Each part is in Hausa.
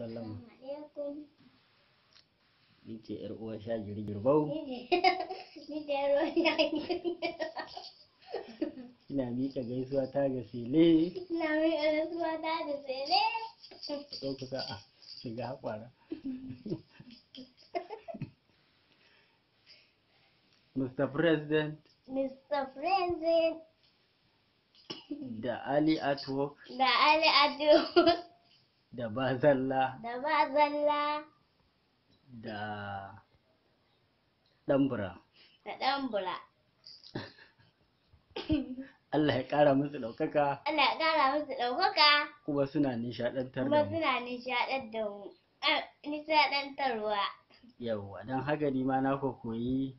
sallama ni ce yar uwa ina gaisuwa ta ga ina gaisuwa ta ga ko kusa a shiga hakwara Mr. President Mr. President da Ali at da Ali at da ba zalla da ba zalla da ɗanbura da ɗanbura Allah ya ƙara musu ɗaukaka Allah ya ƙara musu ɗaukaka kuma suna nishaɗantar da mu kuma suna nishaɗantar da mu nishaɗantarwa yawwa don haka ni ma na koyi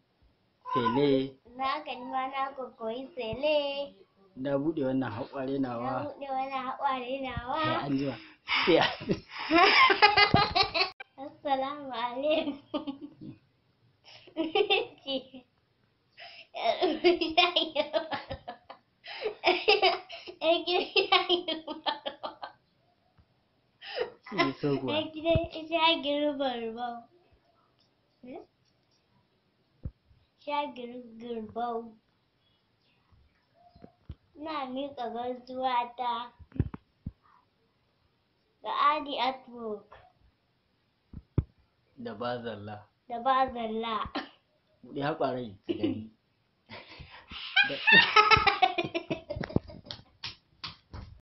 sele na haka ni ma na koyi sele na buɗe wannan haƙware nawa na buɗe wannan haƙware nawa an jima Assalamu alaikum. Shagirbau. Na miƙa gaisuwa ta. da adi artwork da zalla. da bazalla buɗe haƙwarai gani